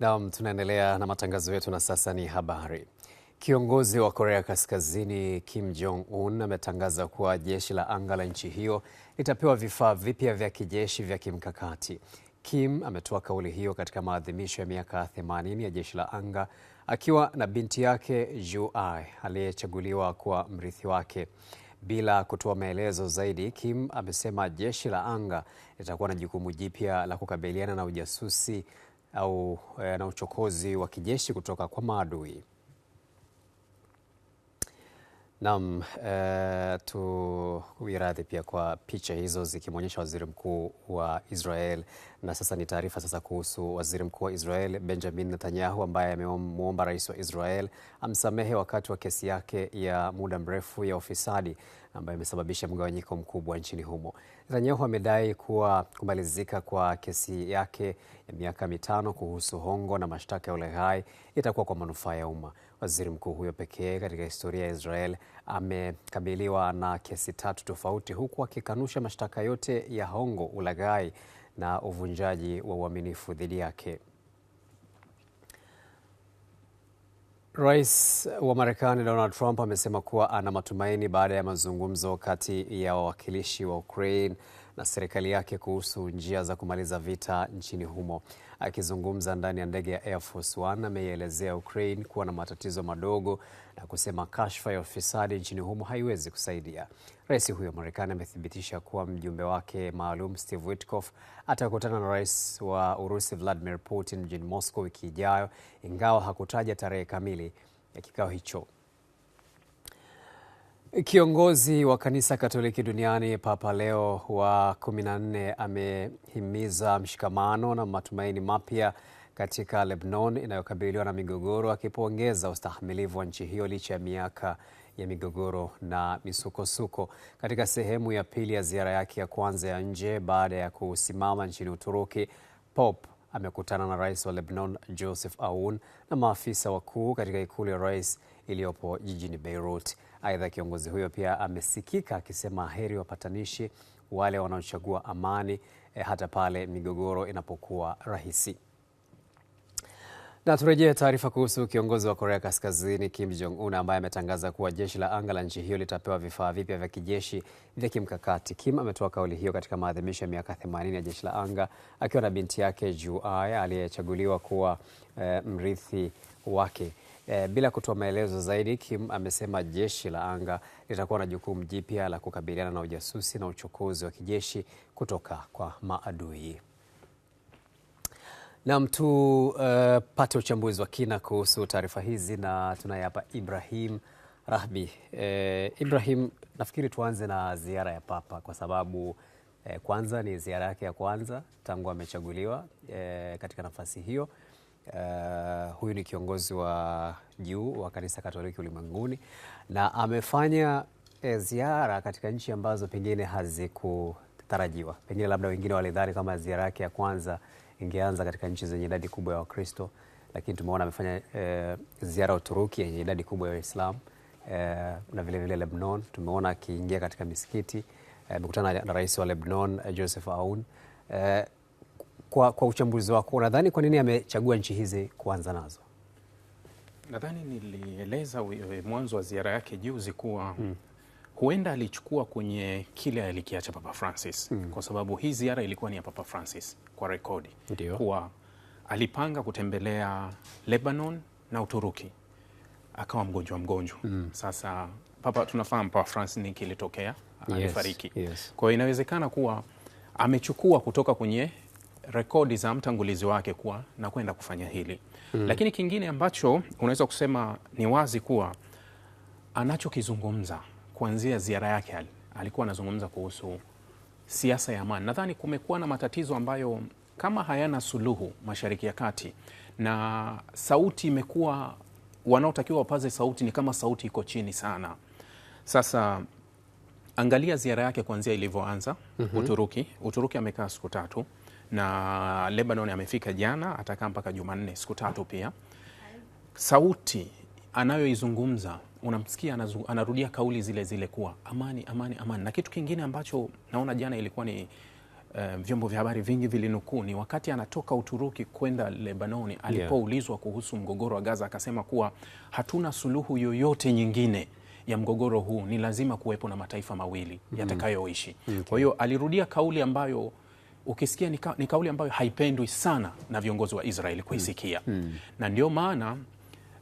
Naam, tunaendelea na matangazo yetu na sasa ni habari. Kiongozi wa Korea Kaskazini Kim Jong Un ametangaza kuwa jeshi la anga la nchi hiyo litapewa vifaa vipya vya kijeshi vya kimkakati. Kim ametoa kauli hiyo katika maadhimisho ya miaka 80 ya jeshi la anga akiwa na binti yake Ju Ae aliyechaguliwa kuwa mrithi wake. Bila kutoa maelezo zaidi, Kim amesema jeshi la anga litakuwa na jukumu jipya la kukabiliana na ujasusi au eh, na uchokozi wa kijeshi kutoka kwa maadui. Naam, eh, tu radhi pia kwa picha hizo zikimwonyesha waziri mkuu wa Israel. Na sasa ni taarifa sasa kuhusu waziri mkuu wa Israel Benjamin Netanyahu ambaye amemwomba rais wa Israel amsamehe wakati wa kesi yake ya muda mrefu ya ufisadi ambayo imesababisha mgawanyiko mkubwa nchini humo. Netanyahu amedai kuwa kumalizika kwa kesi yake ya miaka mitano kuhusu hongo na mashtaka ya ulaghai itakuwa kwa manufaa ya umma. Waziri mkuu huyo pekee katika historia ya Israel amekabiliwa na kesi tatu tofauti huku akikanusha mashtaka yote ya hongo, ulaghai na uvunjaji wa uaminifu dhidi yake. Rais wa Marekani Donald Trump amesema kuwa ana matumaini baada ya mazungumzo kati ya wawakilishi wa Ukraine na serikali yake kuhusu njia za kumaliza vita nchini humo. Akizungumza ndani ya ndege ya Air Force One, ameielezea Ukraine kuwa na matatizo madogo na kusema kashfa ya ufisadi nchini humo haiwezi kusaidia. Rais huyo Marekani amethibitisha kuwa mjumbe wake maalum Steve Witkoff atakutana na rais wa Urusi Vladimir Putin mjini Moscow wiki ijayo, ingawa hakutaja tarehe kamili ya kikao hicho. Kiongozi wa kanisa Katoliki duniani Papa Leo wa 14 amehimiza mshikamano na matumaini mapya katika Lebanon inayokabiliwa na migogoro, akipongeza ustahimilivu wa nchi hiyo licha ya miaka ya migogoro na misukosuko. Katika sehemu ya pili ya ziara yake ya kwanza ya nje baada ya kusimama nchini Uturuki, Pop amekutana na rais wa Lebanon Joseph Aoun na maafisa wakuu katika ikulu ya rais iliyopo jijini Beirut. Aidha, kiongozi huyo pia amesikika akisema heri wapatanishi wale wanaochagua amani e, hata pale migogoro inapokuwa rahisi. Na turejee taarifa kuhusu kiongozi wa Korea Kaskazini Kim Jong Un ambaye ametangaza kuwa jeshi la anga la nchi hiyo litapewa vifaa vipya vya kijeshi vya kimkakati. Kim ametoa kauli hiyo katika maadhimisho ya miaka 80 ya jeshi la anga akiwa na binti yake Ju Ai aliyechaguliwa kuwa e, mrithi wake. E, bila kutoa maelezo zaidi, Kim amesema jeshi la anga litakuwa na jukumu jipya la kukabiliana na ujasusi na uchokozi wa kijeshi kutoka kwa maadui. Nam tupate eh, uh, uchambuzi wa kina kuhusu taarifa hizi na tunaye hapa Ibrahim Rahbi. E, eh, Ibrahim, nafikiri tuanze na ziara ya Papa kwa sababu e, kwanza ni ziara yake ya kwanza tangu amechaguliwa e, katika nafasi hiyo Uh, huyu ni kiongozi wa juu wa kanisa Katoliki ulimwenguni na amefanya e, ziara katika nchi ambazo pengine hazikutarajiwa. Pengine labda wengine walidhani kama ziara yake ya kwanza ingeanza katika nchi zenye idadi kubwa ya Wakristo, lakini tumeona amefanya e, ziara ya Uturuki yenye idadi kubwa ya Waislamu e, na vilevile vile Lebanon tumeona akiingia katika misikiti, amekutana e, na rais wa Lebanon Joseph Aoun e, kwa, kwa uchambuzi wako, unadhani kwa nini amechagua nchi hizi kuanza nazo? Nadhani nilieleza eh, mwanzo wa ziara yake juzi kuwa mm. huenda alichukua kwenye kile alikiacha Papa Francis mm. kwa sababu hii ziara ilikuwa ni ya Papa Francis kwa rekodi Ndiyo. kuwa alipanga kutembelea Lebanon na Uturuki akawa mgonjwa mgonjwa mm. Sasa papa, tunafahamu Papa Francis ni kilitokea alifariki. Yes, yes. Kwa hiyo inawezekana kuwa amechukua kutoka kwenye rekodi za mtangulizi wake kuwa na kwenda kufanya hili mm. Lakini kingine ambacho unaweza kusema ni wazi kuwa anachokizungumza kuanzia ziara yake alikuwa anazungumza kuhusu siasa ya amani. Nadhani kumekuwa na matatizo ambayo kama hayana suluhu Mashariki ya Kati, na sauti imekuwa wanaotakiwa wapaze sauti ni kama sauti iko chini sana. Sasa angalia ziara yake kuanzia ilivyoanza mm -hmm. Uturuki. Uturuki amekaa siku tatu na Lebanon amefika jana, atakaa mpaka Jumanne, siku tatu. Pia sauti anayoizungumza unamsikia anarudia kauli zile zile kuwa amani, amani, amani. Na kitu kingine ambacho naona jana ilikuwa ni uh, vyombo vya habari vingi vilinukuu ni wakati anatoka Uturuki kwenda Lebanoni alipoulizwa kuhusu mgogoro wa Gaza akasema kuwa hatuna suluhu yoyote nyingine ya mgogoro huu, ni lazima kuwepo na mataifa mawili mm-hmm. yatakayoishi. Mm-hmm. Kwa hiyo alirudia kauli ambayo ukisikia ni, ka, ni kauli ambayo haipendwi sana na viongozi wa Israeli kuisikia hmm. Hmm. Na ndio maana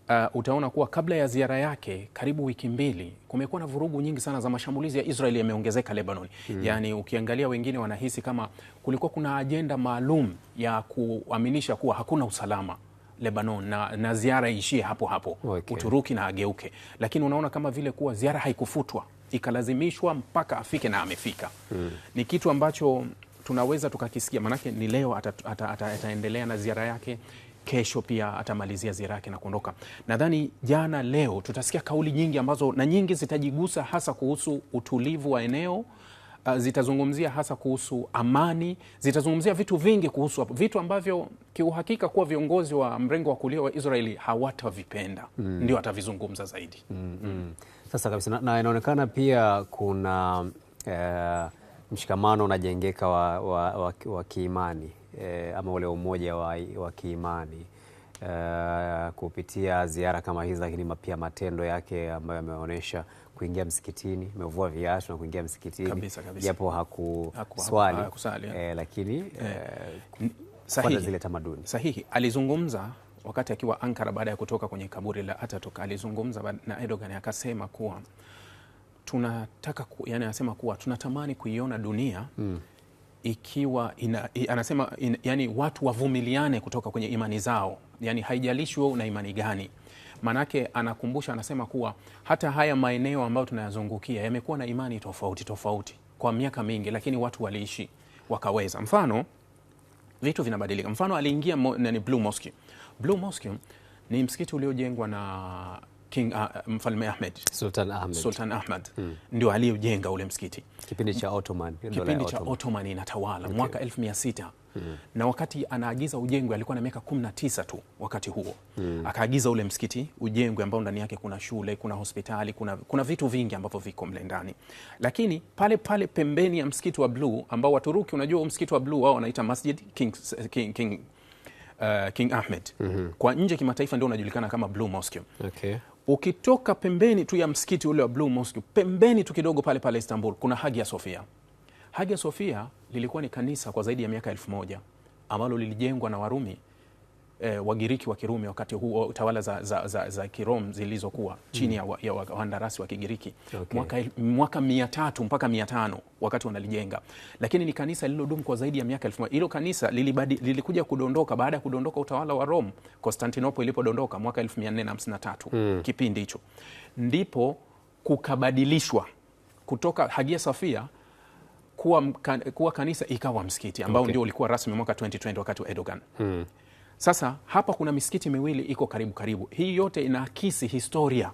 uh, utaona kuwa kabla ya ziara yake karibu wiki mbili kumekuwa na vurugu nyingi sana za mashambulizi ya Israeli yameongezeka Lebanon hmm. Yaani ukiangalia wengine wanahisi kama kulikuwa kuna ajenda maalum ya kuaminisha kuwa hakuna usalama Lebanon na, na ziara iishie hapo hapo okay. Uturuki na ageuke, lakini unaona kama vile kuwa ziara haikufutwa ikalazimishwa mpaka afike na amefika. Hmm. Ni kitu ambacho tunaweza tukakisikia, maanake ni leo ataendelea ata, ata, ata na ziara yake kesho pia atamalizia ziara yake na kuondoka. Nadhani jana leo tutasikia kauli nyingi ambazo na nyingi zitajigusa hasa kuhusu utulivu wa eneo uh, zitazungumzia hasa kuhusu amani, zitazungumzia vitu vingi kuhusu vitu ambavyo kiuhakika kuwa viongozi wa mrengo wa kulia wa Israeli hawatavipenda mm. Ndio atavizungumza zaidi mm -hmm. Sasa kabisa na, na inaonekana pia kuna uh, mshikamano unajengeka wa, wa, wa, wa kiimani e, ama ule umoja wa, wa kiimani e, kupitia ziara kama hizi, lakini pia matendo yake ambayo ameonyesha kuingia msikitini, amevua viatu na kuingia msikitini Japo hakuswali haku, haku, e, lakini e, sahihi, zile tamaduni sahihi. Alizungumza wakati akiwa Ankara baada ya kutoka kwenye kaburi la Ataturk, alizungumza na Erdogan akasema kuwa tunataka ku, yani anasema kuwa tunatamani kuiona dunia mm. ikiwa ina, anasema in, yani watu wavumiliane kutoka kwenye imani zao, yani haijalishi wewe una imani gani. manake anakumbusha anasema kuwa hata haya maeneo ambayo tunayazungukia yamekuwa na imani tofauti tofauti kwa miaka mingi, lakini watu waliishi wakaweza. Mfano vitu vinabadilika. Mfano aliingia mo, Blue Mosque. Blue Mosque ni msikiti uliojengwa na King uh, Mfalme Ahmed Sultan Ahmed, Sultan Ahmed. Hmm. Ndio aliyojenga ule msikiti kipindi cha Ottoman, kipindi cha Ottoman inatawala okay. mwaka 1600 hmm. na wakati anaagiza ujengwe alikuwa na miaka 19 tu wakati huo hmm. akaagiza ule msikiti ujengwe ambao ndani yake kuna shule, kuna hospitali, kuna, kuna vitu vingi ambavyo viko mle ndani, lakini pale pale pembeni ya msikiti wa Blue ambao Waturuki, unajua msikiti wa Blue wao wanaita Masjid King, King, King, uh, King Ahmed mm -hmm. kwa nje kimataifa ndio unajulikana kama Blue Mosque okay. Ukitoka pembeni tu ya msikiti ule wa Blue Mosque, pembeni tu kidogo pale pale Istanbul, kuna Hagia Sophia. Hagia Sophia lilikuwa ni kanisa kwa zaidi ya miaka elfu moja ambalo lilijengwa na Warumi eh, Wagiriki wa Kirumi wakati huo tawala za, za, za, za Kirom zilizokuwa chini mm. ya hmm. wakandarasi wa Kigiriki okay. mwaka, mwaka mia tatu mpaka mia tano wakati wanalijenga, lakini ni kanisa lilodumu kwa zaidi ya miaka elfu Hilo kanisa lilibadi, lilikuja kudondoka baada ya kudondoka utawala wa Rom, Konstantinopo ilipodondoka mwaka elfu mia nne na tatu mm. kipindi hicho ndipo kukabadilishwa kutoka Hagia Sophia kuwa, kuwa kanisa ikawa msikiti ambao okay. ndio ulikuwa rasmi mwaka 2020 wakati wa Erdogan hmm. Sasa hapa kuna misikiti miwili iko karibu karibu. Hii yote inaakisi historia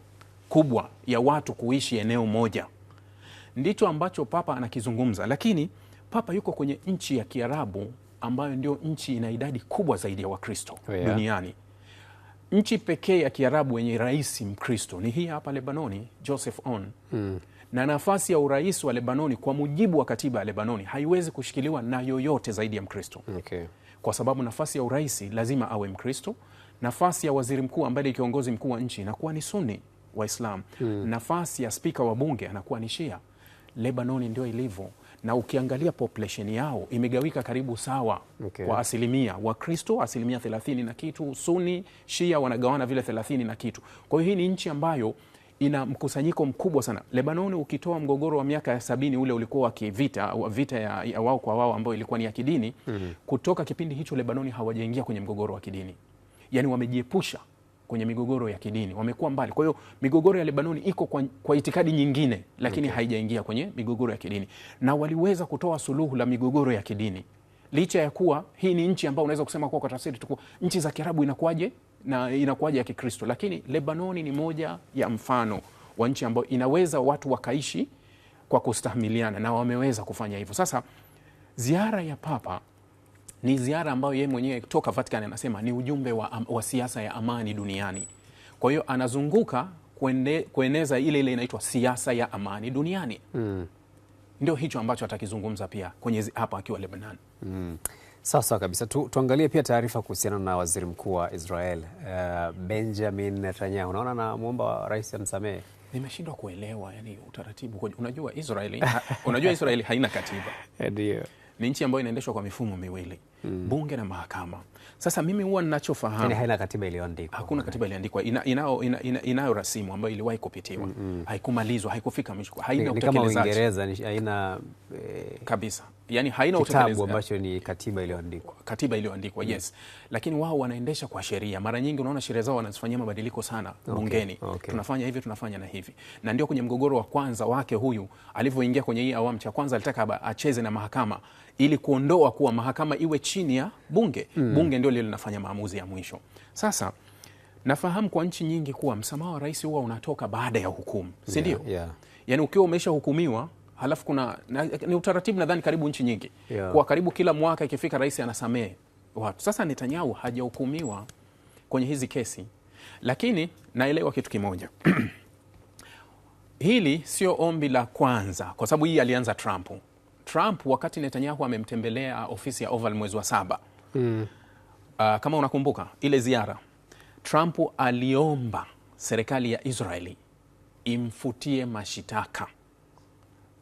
kubwa ya watu kuishi eneo moja, ndicho ambacho papa anakizungumza. Lakini papa yuko kwenye nchi ya Kiarabu ambayo ndio nchi ina idadi kubwa zaidi ya Wakristo oh, yeah, duniani. Nchi pekee ya Kiarabu yenye rais Mkristo ni hii hapa Lebanoni, Joseph On mm. Na nafasi ya urais wa Lebanoni kwa mujibu wa katiba ya Lebanoni haiwezi kushikiliwa na yoyote zaidi ya Mkristo okay kwa sababu nafasi ya urais lazima awe Mkristo, nafasi ya waziri mkuu ambaye ni kiongozi mkuu wa nchi inakuwa ni Sunni Waislam hmm. nafasi ya spika wa bunge anakuwa ni Shia. Lebanoni ndio ilivyo, na ukiangalia population yao imegawika karibu sawa okay. kwa asilimia Wakristo asilimia thelathini na kitu, Suni Shia wanagawana vile thelathini na kitu. Kwa hiyo hii ni nchi ambayo ina mkusanyiko mkubwa sana. Lebanoni, ukitoa mgogoro wa miaka ya sabini ule ulikuwa wa kivita, vita ya, ya wao kwa wao ambayo ilikuwa ni ya kidini mm -hmm. Kutoka kipindi hicho Lebanoni hawajaingia kwenye mgogoro wa kidini, yani wamejiepusha kwenye migogoro ya kidini, wamekuwa mbali. Kwa hiyo migogoro ya Lebanoni iko kwa, kwa itikadi nyingine, lakini okay. haijaingia kwenye migogoro ya kidini na waliweza kutoa suluhu la migogoro ya kidini licha ya kuwa hii ni nchi ambayo unaweza kusema kuwa kwa tafsiri tuku nchi za Kiarabu inakuwaje na inakuwaje ya Kikristo. Lakini Lebanoni ni moja ya mfano wa nchi ambayo inaweza watu wakaishi kwa kustahmiliana na wameweza kufanya hivyo. Sasa ziara ya Papa ni ziara ambayo yeye mwenyewe toka Vatican anasema ni ujumbe wa, wa siasa ya amani duniani. Kwa hiyo anazunguka kuende, kueneza ile ile inaitwa siasa ya amani duniani mm. Ndio hicho ambacho atakizungumza pia kwenye hapa akiwa Lebanon mm. Sawa sawa kabisa tu, tuangalie pia taarifa kuhusiana na waziri mkuu wa Israel uh, Benjamin Netanyahu. Unaona, namwomba rais amsamehe. Nimeshindwa kuelewa yani utaratibu. Unajua Israeli, ha, unajua Israeli haina katiba ndio ni nchi ambayo inaendeshwa kwa mifumo miwili mm. bunge na mahakama. Sasa mimi huwa ninachofahamu yaani haina katiba iliyoandikwa, hakuna katiba iliyoandikwa inayo ina, ina, ina rasimu ambayo iliwahi kupitiwa mm -hmm. haikumalizwa, haikufika mwisho, haina utekelezaji kama Uingereza haina eh... kabisa yani haina utekelezaji ambacho ni katiba iliyoandikwa, katiba iliyoandikwa mm. yes mm. lakini wao wanaendesha kwa sheria. Mara nyingi unaona sheria zao wanazifanyia mabadiliko sana okay. bungeni. okay. Tunafanya hivi tunafanya na hivi, na ndio kwenye mgogoro wa kwanza wake huyu alivyoingia kwenye hii awamu cha kwanza, alitaka acheze na mahakama ili kuondoa kuwa mahakama iwe chini ya bunge mm. Bunge ndio lile linafanya maamuzi ya mwisho. Sasa nafahamu kwa nchi nyingi kuwa msamaha wa rais huwa unatoka baada ya hukumu, si ndio? Yeah, yeah. Yani ukiwa umeshahukumiwa halafu kuna na, ni utaratibu nadhani karibu nchi nyingi yeah. Kwa karibu kila mwaka ikifika rais anasamehe watu. Sasa Netanyahu hajahukumiwa kwenye hizi kesi, lakini naelewa kitu kimoja hili sio ombi la kwanza, kwa sababu hii alianza Trump. Trump wakati Netanyahu amemtembelea ofisi ya Oval mwezi wa saba mm. Uh, kama unakumbuka ile ziara, Trump aliomba serikali ya Israeli imfutie mashitaka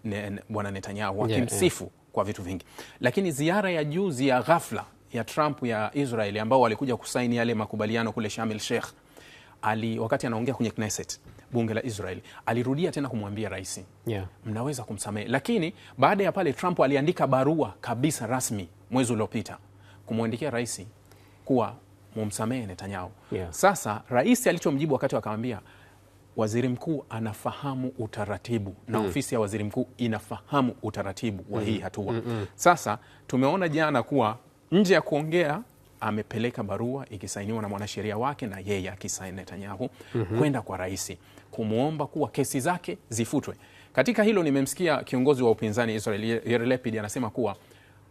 ne, bwana Netanyahu wakimsifu yeah, yeah. kwa vitu vingi, lakini ziara ya juzi ya ghafla ya Trump ya israel ambao walikuja kusaini yale makubaliano kule Sharm el Sheikh ali, wakati anaongea kwenye Knesset bunge la Israel alirudia tena kumwambia rais yeah. mnaweza kumsamehe. Lakini baada ya pale Trump aliandika barua kabisa rasmi mwezi uliopita kumwandikia rais kuwa mumsamehe Netanyahu yeah. Sasa rais alichomjibu wakati akamwambia waziri mkuu anafahamu utaratibu na mm. ofisi ya waziri mkuu inafahamu utaratibu wa mm. hii hatua mm -mm. Sasa tumeona jana kuwa nje ya kuongea amepeleka barua ikisainiwa na mwanasheria wake na yeye akisaini Netanyahu mm -hmm. kwenda kwa rais kumwomba kuwa kesi zake zifutwe. Katika hilo nimemsikia kiongozi wa upinzani Israel Yair Lapid anasema kuwa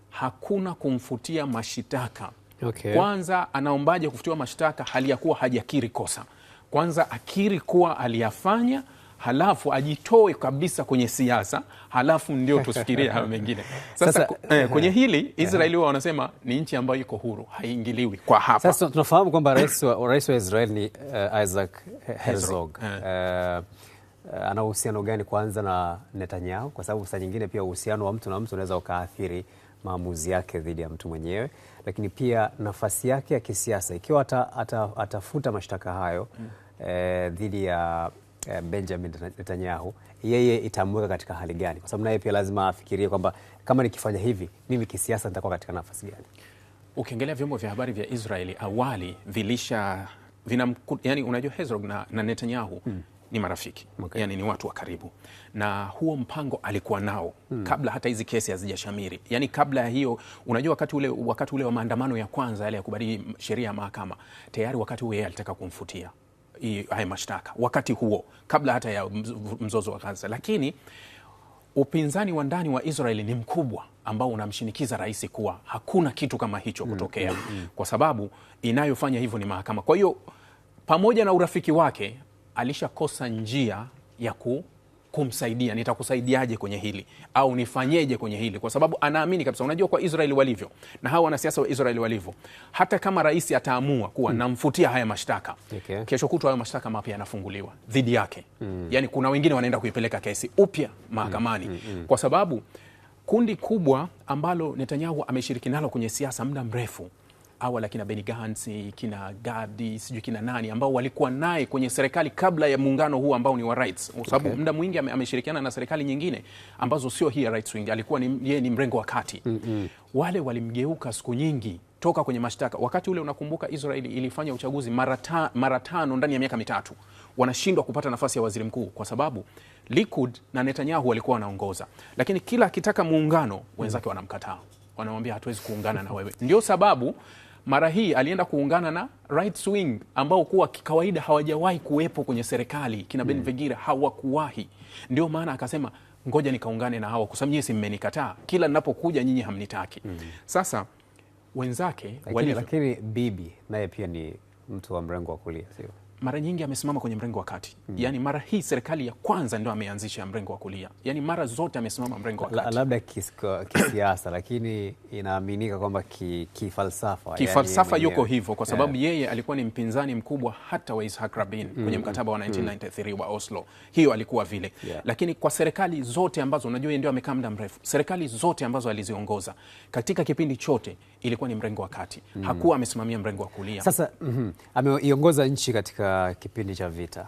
hakuna kumfutia mashitaka okay. Kwanza anaombaje kufutiwa mashtaka hali ya kuwa hajakiri kosa? kwanza akiri kuwa aliyafanya, halafu ajitoe kabisa kwenye siasa, halafu ndio tusikirie hayo mengine. Sasa, eh, eh, kwenye eh, hili eh. Israeli huwa wanasema ni nchi ambayo iko huru, haiingiliwi kwa hapa. Sasa tunafahamu kwamba rais wa, rais wa Israel ni uh, Isaac Herzog uh, ana uhusiano gani kwanza na Netanyahu? Kwa sababu saa nyingine pia uhusiano wa mtu na mtu unaweza ukaathiri maamuzi yake dhidi ya mtu mwenyewe, lakini pia nafasi yake ya kisiasa ikiwa ata, ata, atafuta mashtaka hayo mm. eh, dhidi ya eh, Benjamin Netanyahu, yeye itamweka katika hali gani? Kwa sababu naye pia lazima afikirie kwamba kama nikifanya hivi mimi kisiasa nitakuwa katika nafasi gani. Ukiangalia vyombo vya habari vya Israeli awali vilisha vina, yani unajua Herzog na, na Netanyahu mm ni marafiki okay. Yani ni watu wa karibu, na huo mpango alikuwa nao hmm. kabla hata hizi kesi hazijashamiri, yani kabla ya hiyo. Unajua, wakati ule, wakati ule wa maandamano ya kwanza yale ya kubadili sheria ya mahakama, tayari wakati huo yeye alitaka kumfutia haya mashtaka, wakati huo kabla hata ya mzozo wa Gaza, lakini upinzani wa ndani wa Israeli ni mkubwa ambao unamshinikiza rais kuwa hakuna kitu kama hicho hmm, kutokea, hmm, hmm. kwa sababu inayofanya hivyo ni mahakama. Kwa hiyo pamoja na urafiki wake alishakosa njia ya ku kumsaidia nitakusaidiaje kwenye hili au nifanyeje kwenye hili, kwa sababu anaamini kabisa. Unajua kwa Israeli walivyo na hawa wanasiasa wa Israeli walivyo, hata kama rais ataamua kuwa hmm. namfutia haya mashtaka okay. kesho kutwa hayo mashtaka mapya yanafunguliwa dhidi yake hmm. yani, kuna wengine wanaenda kuipeleka kesi upya mahakamani hmm. hmm. hmm. kwa sababu kundi kubwa ambalo Netanyahu ameshiriki nalo kwenye siasa muda mrefu awali akina Beni Gantz, kina Gadi, sijui kina nani ambao walikuwa naye kwenye serikali kabla ya muungano huu ambao ni wa rights, kwa sababu okay, muda mwingi ameshirikiana na serikali nyingine ambazo sio hii rights wing, alikuwa ni yeye ni mrengo wa kati mm -hmm. Wale walimgeuka siku nyingi toka kwenye mashtaka. Wakati ule unakumbuka, Israeli ilifanya uchaguzi mara tano ndani ya miaka mitatu, wanashindwa kupata nafasi ya waziri mkuu kwa sababu Likud na Netanyahu walikuwa wanaongoza, lakini kila akitaka muungano wenzake wanamkataa, wanamwambia hatuwezi kuungana na wewe. Ndio sababu mara hii alienda kuungana na right swing ambao kuwa kikawaida hawajawahi kuwepo kwenye serikali kina mm. Vegira hawakuwahi. Ndio maana akasema ngoja nikaungane na hawa kwa sababu nyinyi si mmenikataa, kila ninapokuja nyinyi hamnitaki. mm. Sasa wenzake lakini, lakini bibi naye pia ni mtu wa mrengo wa kulia sio? mara nyingi amesimama kwenye mrengo wa kati mm. Yani mara hii serikali ya kwanza ndio ameanzisha mrengo wa kulia, yani mara zote amesimama mrengo wa kati, labda kisiasa lakini inaaminika kwamba kifalsafa ki kifalsafa yani yuko hivyo kwa sababu yeah. Yeye alikuwa ni mpinzani mkubwa hata wa Ishak Rabin mm. kwenye hmm. mkataba wa 1993 mm. wa Oslo, hiyo alikuwa vile yeah. Lakini kwa serikali zote ambazo unajua ndio amekaa muda mrefu, serikali zote ambazo aliziongoza katika kipindi chote ilikuwa ni mrengo wa kati mm. Hakuwa amesimamia mrengo wa kulia. Sasa mm -hmm. ameiongoza nchi katika kipindi cha vita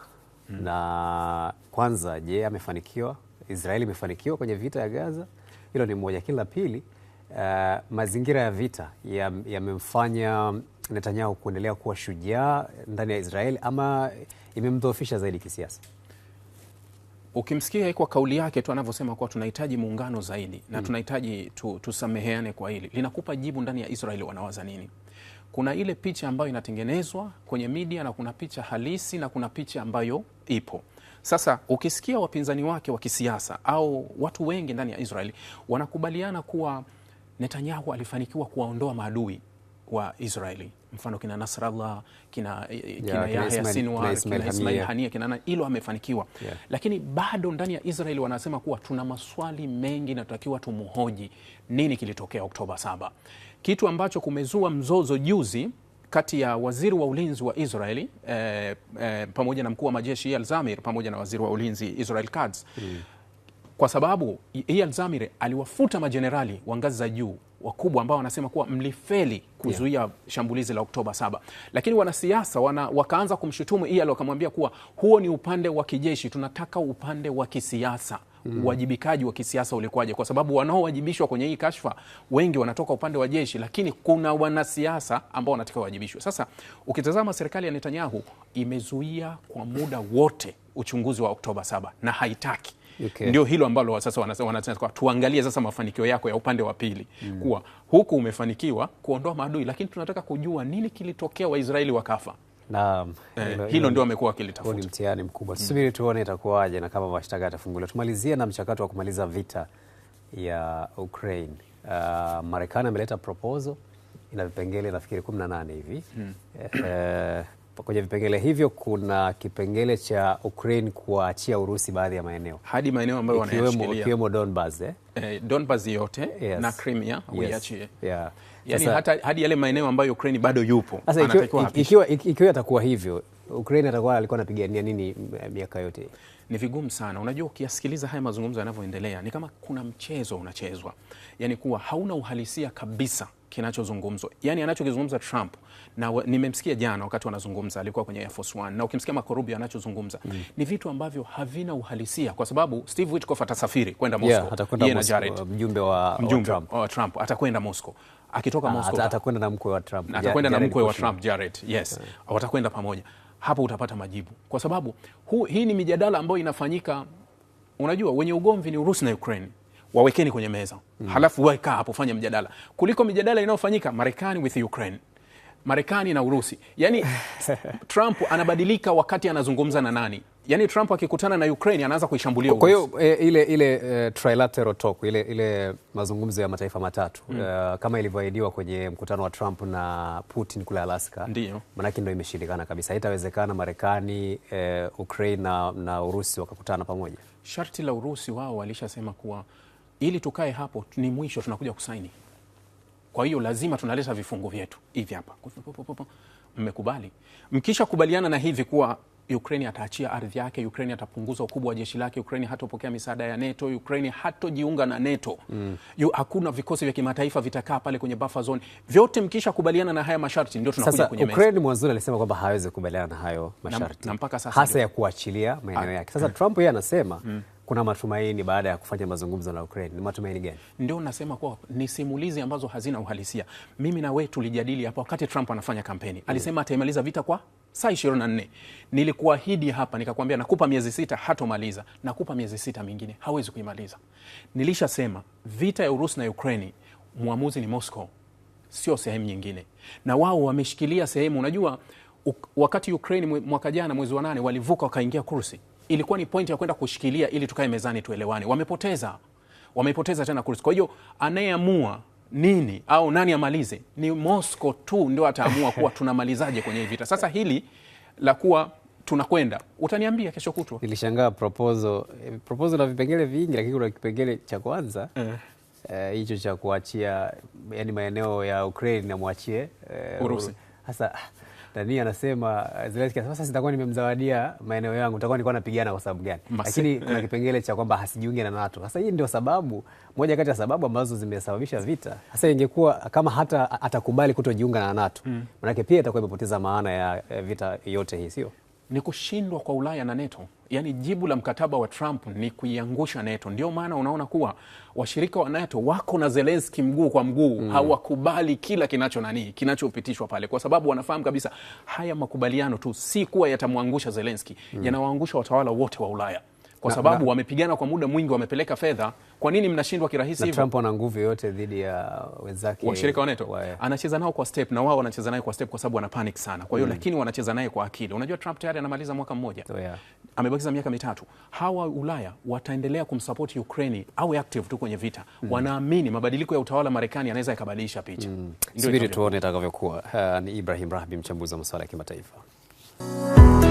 mm. na kwanza, je, amefanikiwa? Israeli imefanikiwa kwenye vita ya Gaza? Hilo ni moja. Kila pili, uh, mazingira ya vita yamemfanya ya Netanyahu kuendelea kuwa shujaa ndani ya Israeli ama imemdhoofisha zaidi kisiasa? ukimsikia kwa kauli yake tu anavyosema kuwa tunahitaji muungano zaidi na mm. tunahitaji tu, tusameheane kwa hili, linakupa jibu ndani ya Israeli wanawaza nini. Kuna ile picha ambayo inatengenezwa kwenye media na kuna picha halisi na kuna picha ambayo ipo. Sasa ukisikia wapinzani wake wa kisiasa au watu wengi ndani ya Israeli wanakubaliana kuwa Netanyahu alifanikiwa kuwaondoa maadui wa Israeli mfano kina Nasrallah kina, eh, eh, kina Yahya Sinwar kina Ismail Hania kina hilo amefanikiwa yeah. Lakini bado ndani ya Israel wanasema kuwa tuna maswali mengi na tunatakiwa tumuhoji, nini kilitokea Oktoba saba, kitu ambacho kumezua mzozo juzi kati ya waziri wa ulinzi wa Israeli eh, eh, pamoja na mkuu wa majeshi Eyal Zamir pamoja na waziri wa ulinzi Israel Katz mm. Kwa sababu alzamir Zamir aliwafuta majenerali wa ngazi za juu wakubwa ambao wanasema kuwa mlifeli kuzuia yeah, shambulizi la Oktoba saba, lakini wanasiasa wana, wakaanza kumshutumu Iyalo wakamwambia kuwa huo ni upande wa kijeshi, tunataka upande wa kisiasa mm. uwajibikaji wa kisiasa ulikuwaje? Kwa sababu wanaowajibishwa kwenye hii kashfa wengi wanatoka upande wa jeshi, lakini kuna wanasiasa ambao wanataka wajibishwe. Sasa ukitazama serikali ya Netanyahu imezuia kwa muda wote uchunguzi wa Oktoba saba na haitaki okay. Ndio hilo ambalo sasa wanasema tuangalie sasa mafanikio yako ya upande wa pili mm. kuwa huku umefanikiwa kuondoa maadui, lakini tunataka kujua nini kilitokea Waisraeli wakafa. Naam, eh, hilo ndio amekuwa akilitafuta. Ni mtihani mkubwa, mm. tusubiri tuone itakuwaje na kama mashtaka yatafunguliwa. Tumalizie na mchakato wa kumaliza vita ya Ukraine. Uh, Marekani ameleta proposal ina vipengele nafikiri 18 hivi mm. eh, eh kwenye vipengele hivyo kuna kipengele cha Ukraine kuachia Urusi baadhi ya maeneo hadi maeneo ambayo wanayashikilia ikiwemo Donbas eh? Eh, Donbas yote yes. na Crimea uiachie yes. yeah. Yani hata, hadi yale maeneo ambayo Ukraine bado yupo sasa. Ikiwa, ikiwa, ikiwa itakuwa hivyo Ukraine atakuwa alikuwa anapigania nini eh, miaka yote? Ni vigumu sana. Unajua, ukiyasikiliza haya mazungumzo yanavyoendelea ni kama kuna mchezo unachezwa, yani kuwa hauna uhalisia kabisa kinachozungumzwa, yani anachokizungumza Trump na nimemsikia jana wakati wanazungumza, alikuwa kwenye Air Force One, na ukimsikia Marco Rubio anachozungumza mm. ni vitu ambavyo havina uhalisia, kwa sababu Steve Witkoff atasafiri kwenda Moscow, yeah, na Jared, mjumbe wa Trump, wa Trump atakwenda Moscow akitoka ah, Moscow atakwenda na mkwe wa Trump, atakwenda na mkwe wa Trump Jared, yes, watakwenda pamoja. Hapo utapata majibu, kwa sababu hu, hii ni mijadala ambayo inafanyika. Unajua, wenye ugomvi ni Urusi na Ukraine wawekeni kwenye meza mm. halafu wakaa hapo, fanya mjadala kuliko mijadala inayofanyika Marekani with Ukraine, Marekani na Urusi. Yani Trump anabadilika wakati anazungumza na nani yani Trump akikutana na Ukraine anaanza kuishambulia. Kwa hiyo e, ile, ile e, trilateral talk ile, ile mazungumzo ya mataifa matatu mm. uh, kama ilivyoahidiwa kwenye mkutano wa Trump na Putin kule Alaska, ndio maanake ndio imeshindikana kabisa, haitawezekana Marekani e, Ukraine na, na Urusi wakakutana pamoja. Sharti la Urusi wao walishasema kuwa ili tukae hapo, ni mwisho tunakuja kusaini. Kwa hiyo lazima tunaleta vifungu vyetu hivi hapa, mmekubali. Mkisha kubaliana na hivi kuwa Ukraine ataachia ardhi yake, Ukraine atapunguza ukubwa wa jeshi lake, Ukraine hatopokea misaada ya NATO, Ukraine hatojiunga na NATO mm. hakuna vikosi vya kimataifa vitakaa pale kwenye buffer zone. Vyote mkisha kubaliana na haya masharti, ndio tunakuja kwenye meza. Ukraine mwanzoni alisema kwamba hawezi kubaliana na hayo masharti na, na mpaka sasa hasa ya kuachilia maeneo ah. yake. Sasa Trump yeye anasema mm kuna matumaini baada ya kufanya mazungumzo na Ukraine. Ni matumaini gani? Ndio unasema kuwa ni simulizi ambazo hazina uhalisia. Mimi na wewe tulijadili hapa wakati Trump anafanya kampeni, alisema ataimaliza vita kwa saa 24. Nilikuahidi hapa nikakwambia, nakupa miezi sita, hatomaliza. Nakupa miezi sita mingine, hawezi kuimaliza. Nilishasema vita ya Urusi na Ukraine, muamuzi ni Moscow, sio sehemu nyingine, na wao wameshikilia sehemu. Unajua wakati Ukraine mwaka jana mwezi wa nane walivuka wakaingia Kursi ilikuwa ni pointi ya kwenda kushikilia ili tukae mezani tuelewane. Wamepoteza, wamepoteza tena kursi. Kwa hiyo anayeamua nini au nani amalize ni Moscow tu ndio ataamua kuwa tunamalizaje kwenye hii vita. Sasa hili la kuwa tunakwenda utaniambia kesho kutwa. Nilishangaa proposal eh, proposal na vipengele vingi, lakini kuna kipengele cha kwanza eh. Eh, hicho uh, cha kuachia yani maeneo ya Ukraine namwachie uh, Urusi hasa nani anasema Zelensky sasa, sitakuwa nimemzawadia maeneo yangu, nitakuwa nilikuwa napigana kwa sababu gani? Lakini eh. kuna kipengele cha kwamba hasijiunge na NATO. Sasa hii ndio sababu moja kati ya sababu ambazo zimesababisha vita. Sasa ingekuwa kama hata atakubali kutojiunga na NATO, mm. manake pia itakuwa imepoteza maana ya vita yote hii, sio? Ni kushindwa kwa Ulaya na NATO yani jibu la mkataba wa Trump ni kuiangusha NATO. Ndio maana unaona kuwa washirika wa NATO wako na zelenski mguu kwa mguu mm. hawakubali kila kinacho nani kinachopitishwa pale, kwa sababu wanafahamu kabisa haya makubaliano tu si kuwa yatamwangusha zelenski mm. yanawaangusha watawala wote wa Ulaya kwa sababu na, wamepigana kwa muda mwingi, wamepeleka fedha. Kwa nini mnashindwa kirahisi hivyo? Trump ana nguvu yote dhidi ya wenzake washirika wa NATO wa... anacheza nao kwa step na wao wanacheza naye kwa step, kwa sababu wana panic sana. Kwa hiyo mm, lakini wanacheza naye kwa akili. Unajua Trump tayari anamaliza mwaka mmoja, so, yeah, amebakiza miaka mitatu. Hawa Ulaya wataendelea kumsupport Ukraine au active tu kwenye vita mm, wanaamini mabadiliko ya utawala Marekani yanaweza yakabadilisha picha mm. Subiri tuone itakavyokuwa. Uh, ni Ibrahim Rahbi, mchambuzi wa masuala ya kimataifa.